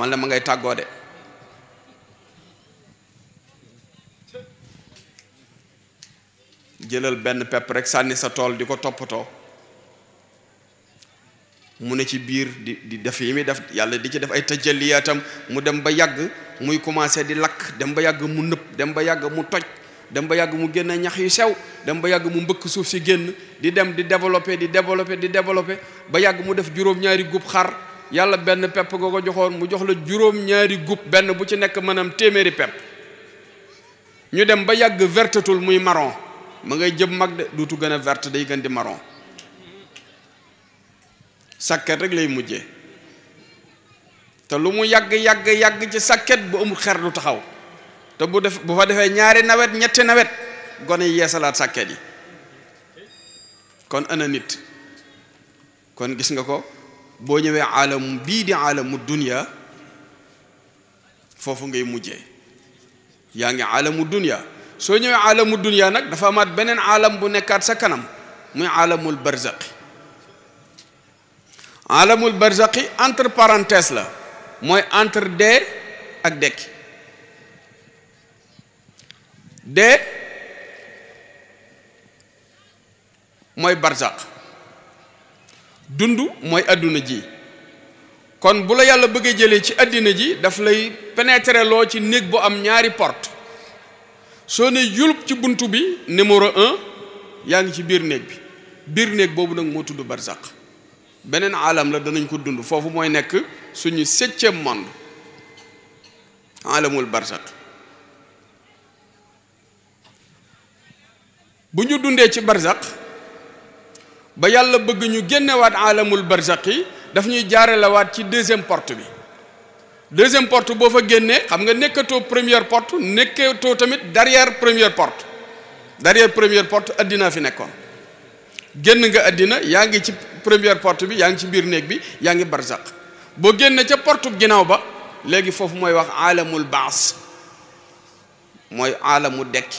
man la ma ngay tàggoo de jëlal ben pep rek sanni sa tol di topoto mu ne ci bir di di def yimi def yalla di ci def ay tajalliyatam mu dem ba yag muy commencer di lak dem ba yag mu nëb dem ba yag mu toj dem ba yag mu genn ñax yu sew dem ba yag mu mbeuk suuf ci genn di dem di développé di développé di développé ba yag mu def juroom ñaari gub xar yàlla benn pepp nga ko joxoon mu jox la juróom-ñaari gub benn bu ci nekk maanaam téeméeri pepp ñu dem ba yàgg vertetul muy marron ma ngay jëm mag de duutu gën a verte day gën di marron sàkket rek lay mujje te lu mu yàgg yàgg yàgg ci sàkket bu amul xer du taxaw te bu def bu fa defee ñaari nawet ñetti nawet gone yeesalaat sàkket yi kon ana nit kon gis nga ko boo ñëwee aalamu bii di aalamu dunya foofu ngay mujjee yaa ngi aalamu dunia soo ñëwee aalamu dunia nag dafa amaat beneen aalam bu nekkaat sa kanam muy aalamul barzaqi aalamul barzaqi entre parenthèse la mooy entre dee ak dekki dee mooy barzaq dund mooy àdduna ji kon bu la yàlla bëggee jëlee ci àddina ji daf lay pénétrer loo ci néeg bu am ñaari porte soo ne yulub ci bunt bi numéro un yaa ngi ci biir néeg bi biir néeg boobu nag moo tudd barzaq beneen alam la danañ ko dund foofu mooy nekk suñu septième monde alamul barzaq bu ñu dundee ci barzaq ba yalla bëgg ñu génnewaat aalamul barzaq yi daf ñuy jaarelewaat ci deuxième porte bi deuxième porte boo fa génnee xam nga nekkatoo première porte nekkatoo tamit derrière première porte derrière première porte addinaa fi nekkoon génn nga addina yaa ngi ci première porte bi yaa ngi ci biir néeg bi yaa ngi barzaq boo génne ca porte ginaaw ba léegi foofu mooy wax alamul baas mooy alamu dekki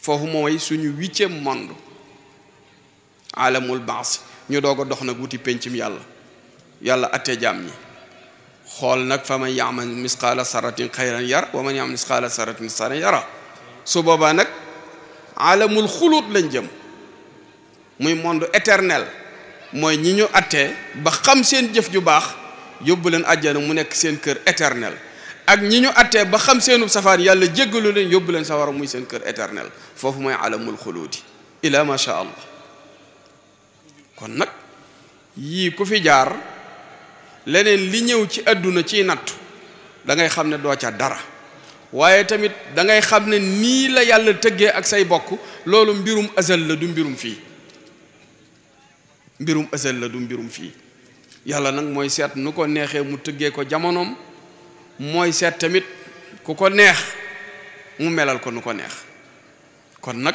foofu mooy suñu huitième monde alamul baas ñu doog a dox nag wuti péncim yàlla yàlla atte jaam ñi xool nag fa man yaamal misqaala saratin xayran yara wa man yaamal misqaala saratin saran yara su boobaa nag alamul xulut lañ jëm muy monde éternel mooy ñi ñu attee ba xam seen jëf ju baax yóbbu leen àjjana mu nekk seen kër éternel ak ñi ñu attee ba xam seenub safaan yàlla jéggalu leen yóbbu leen sawara muy seen kër éternel foofu mooy alamul xuluudi ila ma sha allah kon nag yii ku fi jaar leneen li ñëw ci àdduna ciy nattu dangay xam ne doo ca dara waaye tamit dangay xam ne nii la yàlla tëggee ak say bokk loolu mbirum azal la du mbirum fii mbirum azal la du fii yàlla nag mooy seet nu ko neexee mu tëggee ko jamonoom mooy seet tamit ku ko neex mu melal ko nu ko neex kon nag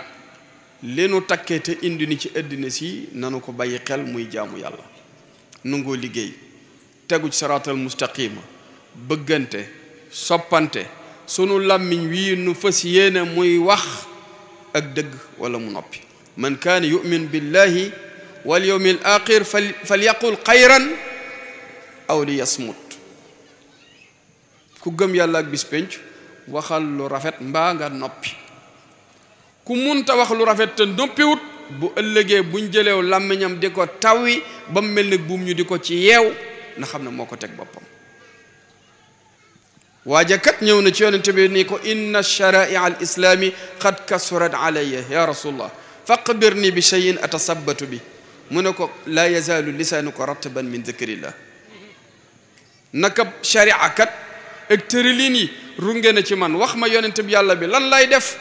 li nu takkee te indi ni ci àddina si nanu ko bàyyi xel muy jaamu yàlla nungoo liggéey tegu ci saraatal mustaqima bëggante soppante sunu làmmiñ wii nu fas yéene muy wax ak dëgg walla mu noppi man kaana yu'min billahi wal yawmil aaxir fal yaqul xayran aw li yasmut ku gëm yàlla ak bis waxal lu rafet mbaa nga noppi ku munta wax lu rafet te noppiwut bu ëllëgé buñ jëlew lamñam diko ko tawi ba melni buum ñu diko ci yew na xamna moko tek bopam waja kat ñëw na ci yonente bi ni ko inna shara'i'al al islami qad kasurat alayya ya rasulullah faqbirni bi shay'in atasabbatu bi munako la yazalu lisanuka rattaban min dhikrillah naka sharia kat ak terilini rungena ci man wax ma yonente bi yàlla bi lan lay def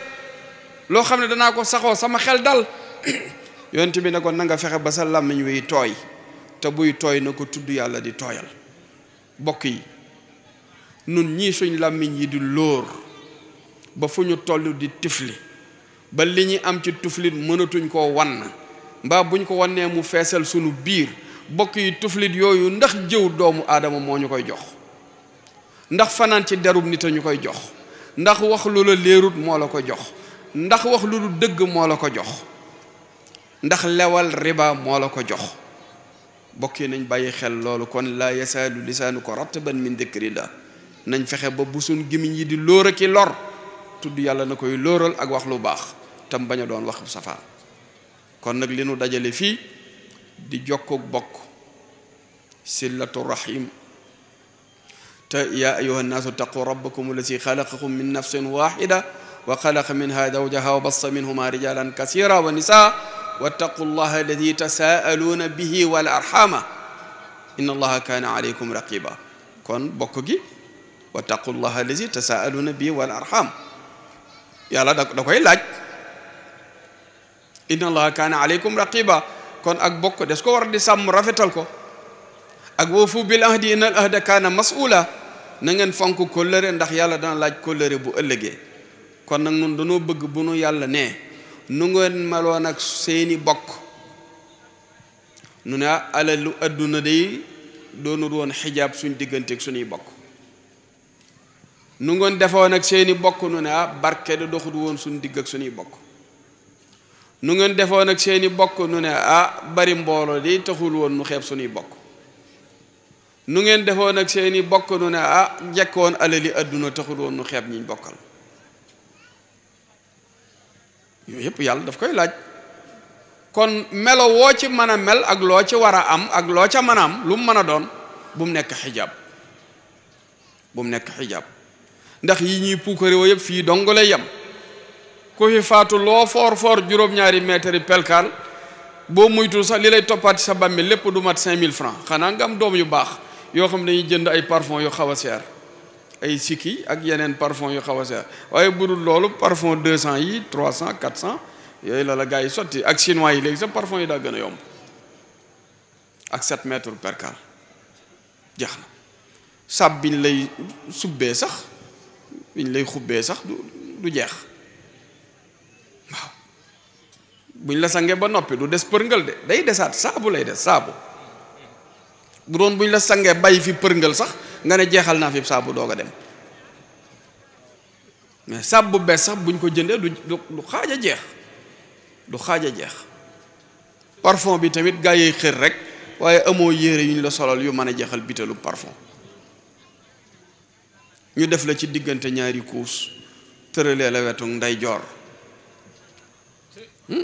lo xamne dana ko saxo sama xel dal yonent bi ne ko nanga fexe ba sallam ñu wi toy te buy toy nako tuddu yalla di toyal bokk yi nun ñi suñ lamiñ yi di lor ba fuñu tollu di tifli ba liñi am ci tuflit mënatuñ ko wann mbaa buñ ko wannee mu fessel sunu biir bokk yi tuflit yoyu ndax jëw doomu aadama mo ñu koy jox ndax fanan ci derub nit ñu koy jox ndax wax lu la lerut mo la ko jox ndax wax lu dul deug mo la ko jox ndax lewal riba mo la ko jox bokk nañ baye xel loolu kon la yasalu lisanuka rataban min dikrillah nañ fexe ba bu suñ gimiñ yi di lóor ki lor tuddu yàlla nakoy loral ak wax lu bax tam baña doon wax safa kon nak linu dajale fi di ak bok silatu rahim ta ya ayuha annaasu taqu rabbakum allasi khalaqakum min nafsin waxida وخلق منها زوجها وبص منهما رجالا كثيرا ونساء واتقوا الله الذي تساءلون به والأرحام إن الله كان عليكم رقيبا كون بوكوغي واتقوا الله الذي تساءلون به والأرحام يلا دكوي لاج إن الله كان عليكم رقيبا كون أك بوكو دسكو ورد سام رافتالكو ak woofu bil ahdi innal ahda kaana mas'ula na ngeen fonk kóllëre ndax yàlla dana laaj kóllëre bu ëllëgee kon nag nun dañoo bëgg bu nu yàlla nee nu ngeen meloon ak seeni bokk nu ne ah, alalu àdduna day doonul woon xijaab suñ diggante suñuy bokk nu ngeen defoon ak seeni bokk nu ne ah barke suñuy bokk nu ngeen defoon ak seeni bokk nu ah, bari mbooloo di taxul woon nu xeeb suñuy bokk nu ngeen defoon ak seeni bokk nu ne ah njekkoon alali àdduna taxul woon nu xeeb ñiñ bokkal yooyu yëpp yàlla daf koy laaj kon melo woo ci mën a mel ak loo ci war a am ak loo ca man a am lu mu mën a doon bu mu nekk xijaab bu mu nekk xijaab ndax yi ñuy puukarewoo yëpp fii dong lay yem ku fi faatu loo foor foor juróom-ñaari mètre yi boo muytul sax li lay toppaat sa bàmmi lépp du mat cinq mille francs xanaa nga am doom yu baax yoo xam ne dañuy jënd ay parfum yu xaw a seer ay sikki ak yenen parfum yu a il parfum 200 yi la la gars soti ak chinois yi léegi parfum yi a ak 7 mètres per car jeex sab lay soubé sax biñ lay sax du du jeex buñ la ba y du des parfum de day desaat bu doon buñ la sangé bay fi përngal sax nga né nafib sabu fi dem mais saabu bu bees sax buñ ko jëndé du du xaja jéx du xaja jéx parfum bi tamit kerek, yi xër rek waye amo yéré yuñ la solal yu mëna jéxal parfum ñu def la ci digënté ñaari kuus teurelé la jor hmm?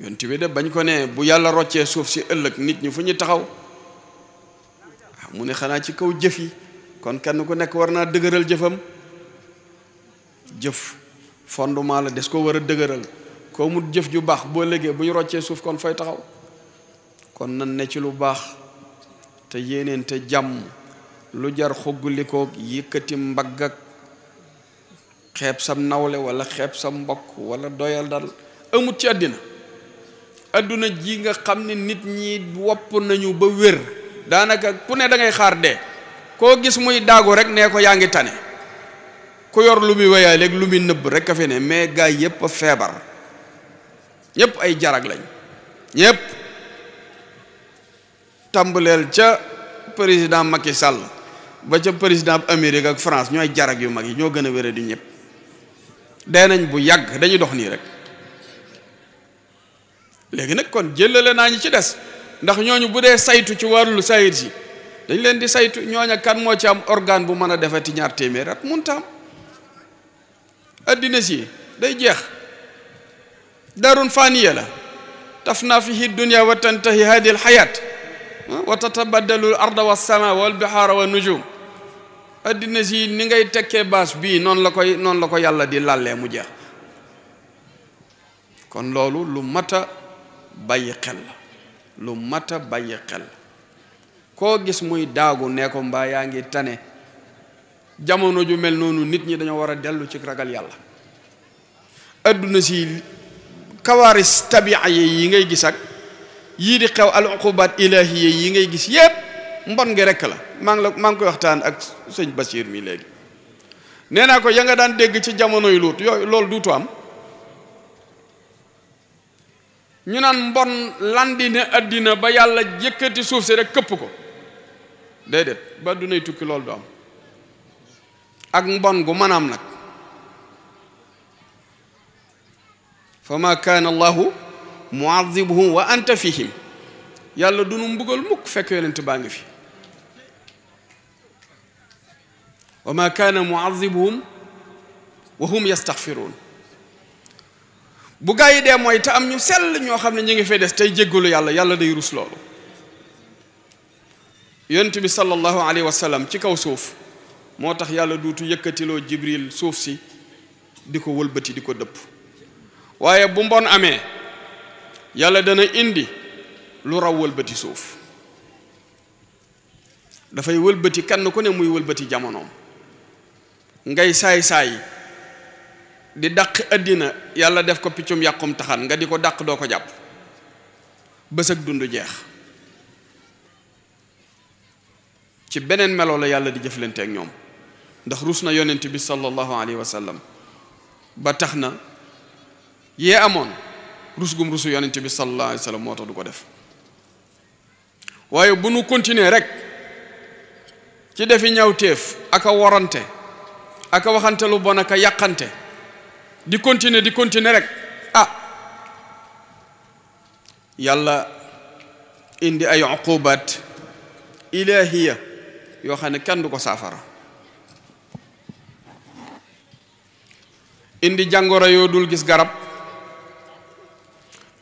yonent bi de bañ ko nee bu yàlla roccee suuf si ëllëg nit ñi fu ñu taxaw ah, mu ne xanaa ci kaw jëf yi kon kenn ku nekk war naa dëgëral jëfam jëf fondement la des ko war a dëgëral koo mu jëf ju baax boo légee bu ñu roccee suuf kon fay taxaw kon nan ne ci lu baax te yéeneen jàmm lu jar xuggalikoog yëkkati mbagg ak xeeb sam nawle wala xeeb sam mbokk wala doyal dal amut ci àddina aduna ji nga xam nit ñi wop nañu ba wér daanaka ku ne da ngay xaar de ko gis muy rek ne ko yaangi tane ku yor lu muy wayaale ak lu muy neub rek a fi ne mais gaay yep febar yep ay jarag lañ yep tambaleel ca president Macky Sall ba ca president Amérique ak France ñoy jarag yu mag ñoo gëna a wéré di ñep dé nañ bu yag dañu dox ni rek léegi nag kon jëlale naa ñi ci des ndax ñooñu bu dee saytu ci wàllu sayit yi dañ leen di saytu ñooña kan moo ci am organe bu mën a defati ñaar téeméer at mun tam addina si day jeex darun faniya la tafna fihi dunya wa tantahi hadi alxayat wa tatabaddalu al arda walsama walbixaara wa nujum addina si ni ngay tekkee baas bii noonu la koy noonu la ko yàlla di lallee mu jeex kon loolu lu mata bàyyi xel la lu mat a bàyyi xel koo gis muy daagu ne ko mbaa yaa ngi tane jamono ju mel noonu nit ñi dañoo war a dellu ci ragal yàlla adduna si kawaaris tabi'a yi ngay gis ak yii di xew al uqubaat ilaahiya yi ngay gis yépp mbon ngi rekk la maa ngi la maa ngi koy waxtaan ak sëñ basiir mi léegi nee naa ko ya nga daan dégg ci jamonoy luut yooyu loolu duutu am ñu naan mbon landine addina ba yàlla yëkkati suuf si rek këpp ko déedéet ba du nay tukki loolu du am ak mbon gu mën am nag fa ma kaana allahu muazibuhum wa anta fihim yàlla du nu mbugal mukk fekk yonent baa ngi fi wa ma kaana muazibuhum wa hum yastaxfiruun bu gaa yi dee mooy te am ñu sell ñoo xam ne ñu ngi fay des tey jéggalu yàlla yàlla day rus loolu yonent bi sallallahu alayhi wa sallam ci kaw suuf moo tax yàlla duutu yëkkatiloo jibril suuf si di ko wëlbati di ko dëpp waaye bu mbon amee yàlla dana indi lu raw wëlbati suuf dafay wëlbati kenn ku ne muy wëlbati jamonoom ngay saay-saay di dàq àddina yàlla def ko piccum yàqum taxan nga di ko dàq doo ko jàpp bés ak dund jeex ci beneen meloo la yàlla di jëflante ak ñoom ndax ruus na yonent bi sallallahu alayhi wa sallam ba tax na yee amoon rus gum rusu yonent bi sallallahu alayhi wa sallam moo tax du ko def waaye bu nu continuer rek ci defi ñawteef aka worante aka waxante lu bon a yàqante di continuer di continuer rek ah yalla, indi ay uqubat ilahiya yo xane kan kenn du ko indi jangoro yo dul gis garab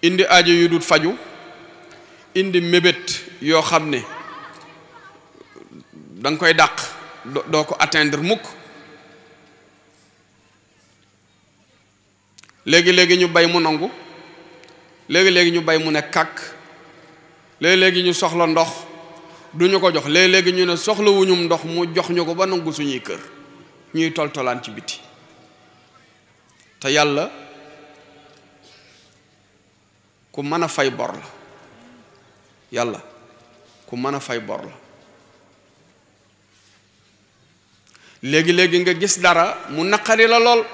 indi aje yu dul faju indi mebet yo xamne dang koy dak do ko atteindre mukk léegi-léegi ñu bay mu nangu léegi-léegi ñu bay mu ne kàkk léegi-léegi ñu soxla ndox du ñu ko jox léegi-léegi ñu ne soxlawuñum ndox mu jox ñu ko ba nangu suñuy kër ñuy toltolaan ci biti te yàlla ku mën a fay bor la yàlla ku mën a fay bor la léegi-léegi nga gis dara mu naqari la lool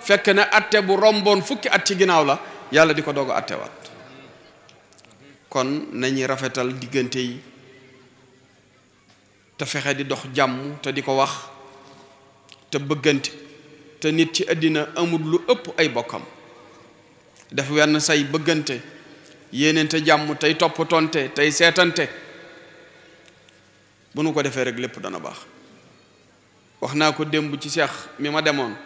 fekk na atte bu romboon fukki at ci ginnaaw la yàlla di ko doog a attewaat kon nañu rafetal diggante yi te fexe di dox jàmm te di ko wax te bëggante te nit ci àddina amut lu ëpp ay bokkam def wenn say bëggante yéenente jàmm tey toppatonte tey seetante bu nu ko defee rek lépp dana baax wax naa ko démb ci seex mi ma demoon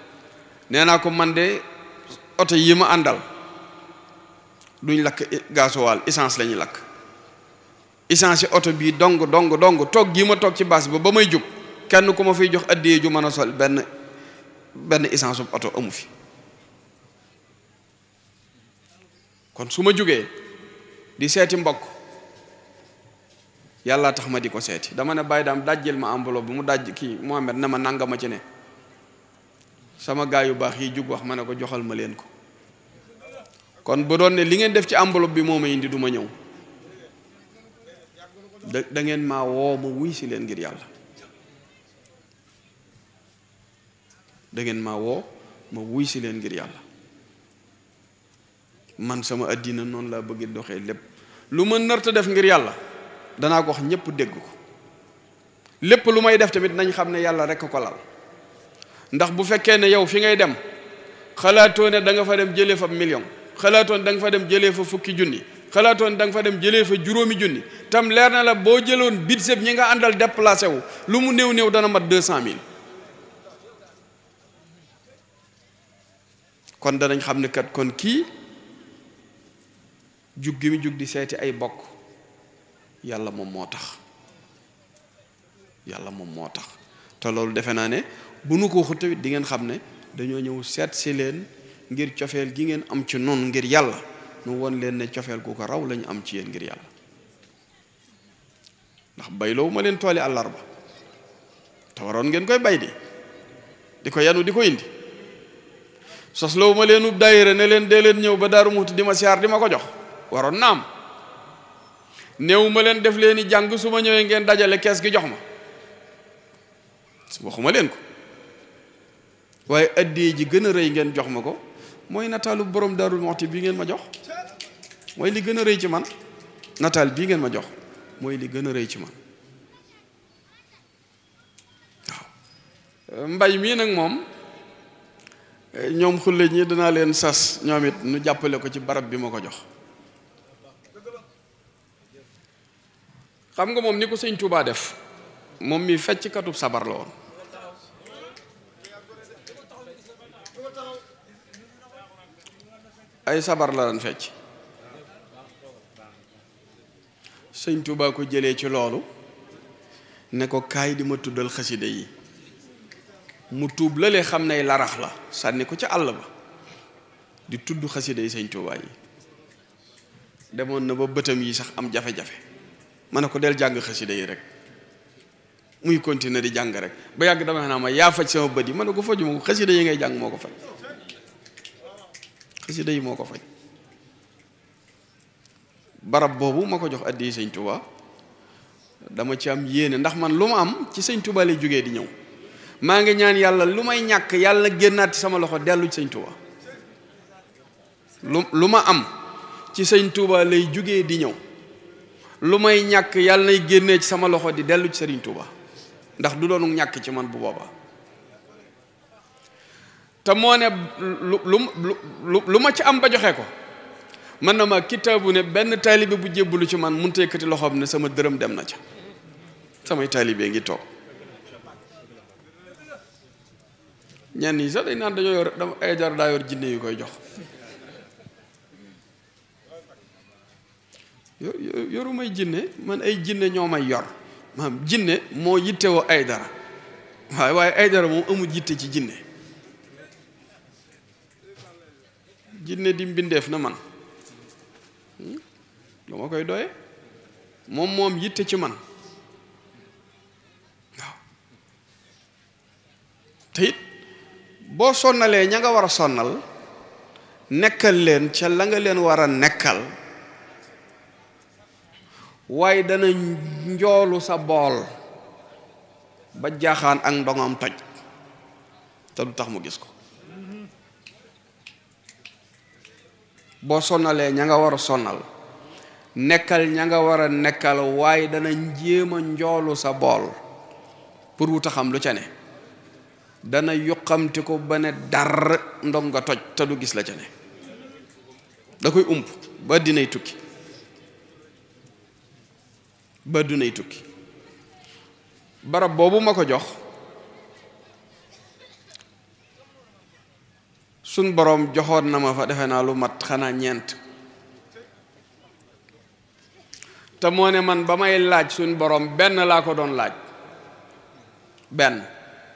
nee naa ko man de oto yi ma àndal duñ lakk gasoil essence lañuy lakk essence oto bii dong dong dong toog gii ma toog ci baas ba ba may jóg kenn ku ma fi jox addiyee ju mën a sol benn benn essence bu oto amu fi kon su ma jógee di seeti mbokk yàlla tax ma di ko seeti dama ne bàyyi daam dajjil ma enveloppe bu mu daj kii Mohamed ne ma nanga ma ci ne sama gayu yu baax yi jug wax manako joxal ma len ko kon bu doon ne li ngeen def ci enveloppe bi moo indi duma ñew da ngeen ma wo mu wuy ci len ngir yalla da ngeen ma wo ma wuy ci len ngir yalla man sama adina non la bëgg doxé lepp lu ma narta def ngir yalla dana ko wax ñepp dégg ko lepp lu may def tamit nañ yalla rek ko laal ndax bu fekkee ne yow fi ngay dem xalaatoo ne da nga fa dem jëlee fa million xalaatoo ne da nga fa dem jëlee fa fukki junni xalaatoo ne da nga fa dem jëlee fa juróomi junni tam leer na la boo jëloon budget ñi nga àndal déplacé wu lu mu néew néew dana mat deux mille kon danañ xam ne kat kon kii jug gi mi jug di seeti ay bokk yàlla moom moo tax yàlla moom moo tax te loolu defe naa ne bu nu ko waxut tamit di ngeen xam ne dañoo ñëw seet si leen ngir cofeel gi ngeen am ci noonu ngir yàlla nu won leen ne cofeel gu ko raw lañu am ci yéen ngir yàlla ndax bayloo ma leen tooli àllarba te waroon ngeen koy bay di di ko yanu di ko indi sosloowu ma leenub daayira ne leen dee leen ñëw ba daaru muxti di ma siyaar di ma ko jox waroon na am néew ma leen def leen i jàng su ma ñëwee ngeen dajale kees gi jox ma waxuma leen ko waaye addee ji gën a rëy ngeen jox ma ko mooy nataalu borom Daaru Muxti bi ngeen ma jox mooy li gën a rëy man nataal bii ngeen ma jox mooy li gën a rëy ci man mbay mii nag moom ñoom xulle ñi danaa leen sas ñoom it nu jàppale ko ci barab bi ma ko jox xam nga moom ni ko sëñ Tuubaa def moom mi fecc katub sabar la woon ay sabar la daan fecc sëñ Tuubaa ko jëlee ci loolu ne ko kaay di ma tuddal xasida yi mu tuub lale xam ne larax la sànni ko ca àll ba di tudd xasida yi sëñ Tuubaa yi demoon na ba bëtam yi sax am jafe-jafe ma ne ko del jàng xasida yi rek muy continuer di jàng rek ba yàgg dama naa ma yaa faj sama bët yi ma ne ko faj ko xasida yi ngay jàng moo ko faj xasida day moo ko faj barab boobu ma ko jox addi sëñ Tuba dama ci am yéene ndax man lu ma am ci sëñ Tuba lay jógee di ñëw maa ngi ñaan yàlla lu may ñàkk yàlla génnaat sama loxo dellu ci sëñ lu ma am ci sëñ Tuba lay jógee di ñëw lu may ñàkk yàlla nay génnee ci sama loxo di dellu ci sëriñ ndax du doonu ñàkk ci man bu boobaa te moo ne lu ma ci am ba joxe ko man na ma kitaabu ne benn taalibe bu lu ci man mënut a yëkkati loxoom ne sama dërëm dem na ca samay taalibe ngi toog ñenn yi sax dañ naan dañoo yor ay jar daa yor jinne yu koy jox yoru may jinne man ay jinne ñoo may yor maanaam jinne moo yittewoo ay dara waaye waaye ay dara moom amul yitte ci jinne jinne di mbindeef na man hmm? lu ma koy doye moom moom yitte ci man waaw boo sonnalee ña nga war a sonnal nekkal leen ca la nga leen war a nekkal waaye dana njoolu sa bool ba jaaxaan ak ndongam toj te du tax mu gis ko boo sonnalee ña nga war a sonnal nekkal ña nga war a nekkal waaye dana jéem a njoolu sa bool pour wuta xam lu ca ne dana yuqamti ko ba ne dar ndom nga toj te du gis la ca ne da koy ump ba dinay tukki ba dinay tukki barab boobu ma ko jox suñ boroom joxoon na ma fa defe naa lu mat xanaa ñeent te moo ne man ba may laaj suñ boroom benn laa ko doon laaj benn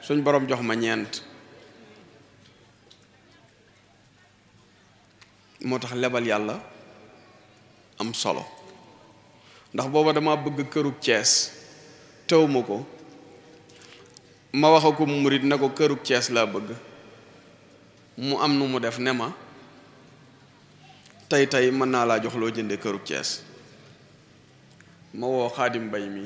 suñ boroom jox ma ñeent moo tax lebal yàlla am solo ndax booba dama bëgg kërug cees tewuma ko ma wax ko murit na ko kërug cees laa bëgg mu am nu mu def ne ma tey tey mën naa laa jox loo jënde këru Cees ma woo xaadim bay mi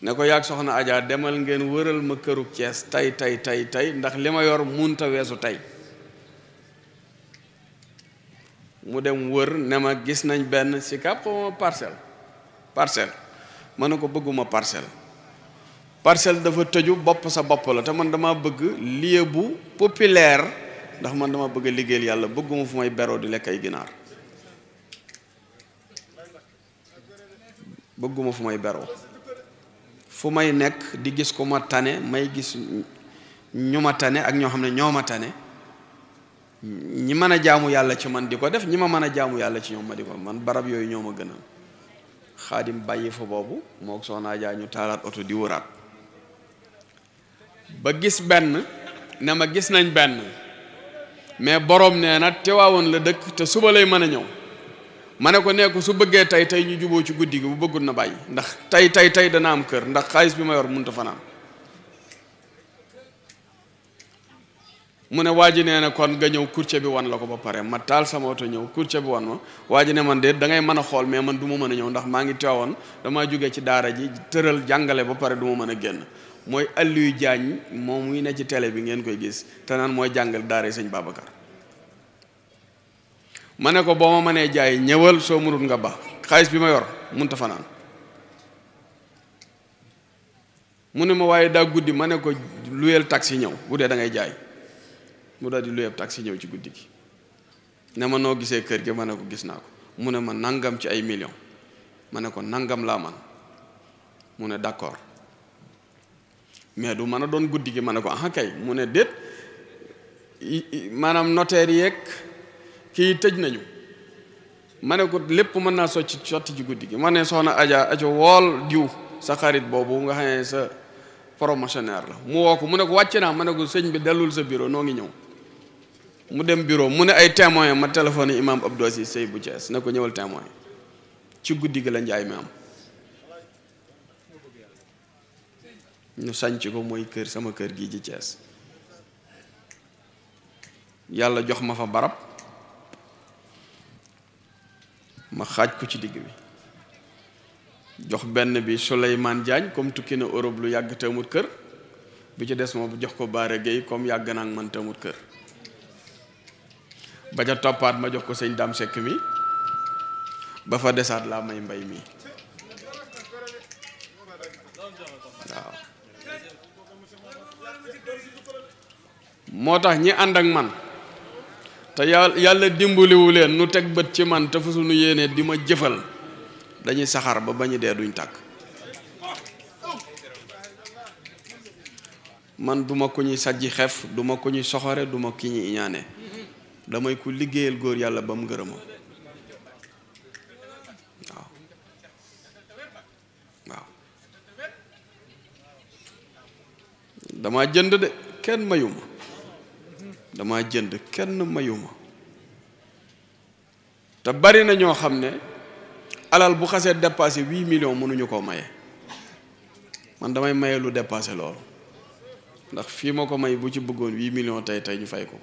ne ko yaag soxna Adja demal ngeen wëral ma këru Cees tey tey tey tey ndax li ma yor munta weesu tey mu dem wër ne ma gis nañ benn si kàpp parcelle parcel ma ne ko bëgguma parcelle parcelle dafa tëju bopp sa bopp la te man dama bëgg lieu bu populaire ndax man dama bëgg a liggéeyal yàlla bëgguma fu may beroo di lekk ay ginaar bëgguma fu may beroo fu may nekk di gis ku ma tane may gis ñu ma tane ak ñoo xam ne ñoo ma tane ñi mën a jaamu yàlla ci man di ko def ñi ma mën a jaamu yàlla ci ñoom ma di ko man barab yooyu ñoo ma gënal xaadim bàyyi fa boobu moo soxnaa jaa ñu taalaat oto di wëraat ba gis benn ne ma gis nañ benn mais borom nee na Tiwaawoon la dëkk te suba lay mën a ñëw ma ne ko nee ko su bëggee tey tey ñu juboo ci guddi gi bu bëggul na bàyyi ndax tey tey tey dana am kër ndax xaalis bi ma yor mënut a fanaan mu ne waa ji nee ne kon nga ñëw courtier bi wan la ko ba pare ma taal sama oto ñëw courtier bi wan ma waa ji ne man de dangay mën a xool mais man du ma mën a ñëw ndax maa ngi teewoon damaa jóge ci daara ji tëral jàngale ba pare du mën a génn mooy alu Diagne moom muy ne ci télé bi ngeen koy gis te naan mooy jàngal daare sëñ Babacar ma ne ko boo ma mënee jaay ñëwal soo mënut nga ba xaalis bi yor munta fanaan mu ne ma waaye daa guddi ma ko taxi ñëw bu da ngay jaay mu daal di luyeel taxi ñëw ci guddi gi ne ma noo gisee kër gi ma ko gis nako ko ma nangam ci ay million ma ko nangam laa man mu d'accord mais du man a doon guddi gi man ne ko ah kay mu ne déet maanaam notaire yeeg kii tëj nañu ma ne ko lépp mën naa socc sotti ci guddi gi ma ne soxna Adja ajo wool diw sa xarit boobu nga xam sa promotionnaire la mu woo ko mu ne ko wàcc naa ma ne ko sëñ bi dellul sa bureau noo ngi ñëw mu dem bureau mu ne ay témoin ma téléphoné imam Abdou Aziz Sey bu Thiès ne ko ñëwal témoin ci guddi gi la njaay mi am ñu sanc ko mooy kër sama kër gi ci Thiès yàlla jox ma fa barab ma xaaj ko ci digg bi jox benn bi Souleymane Diagne comme tukki na Europe lu yàgg te amut kër bi ci des moom jox ko Baara Gueye comme yàgg naa ak man te amut kër ba ca toppaat ma jox ko sëñ Dame Seck mi ba fa desaat laa may mbay mi waaw moo tax ñi ànd ak man te yàlla yàlla dimbaliwu leen nu teg bët ci man te fu suñu yéenee di ma jëfal dañuy saxaar ba bañu dee duñ tàkk man duma ko ñuy sajji xef duma ko ñuy soxore duma ki ñuy iñaane damay ku liggéeyal góor yàlla ba mu gërëma waaw waaw dama jënd de kenn mayuma dama jënd kenn mayuma te bari na ñoo xam ne alal bu xasee dépassé huit millions mënuñu koo maye man damay maye lu dépassé loolu ndax fii ma ko may bu ci bëggoon huit millions tey tey ñu fay ko.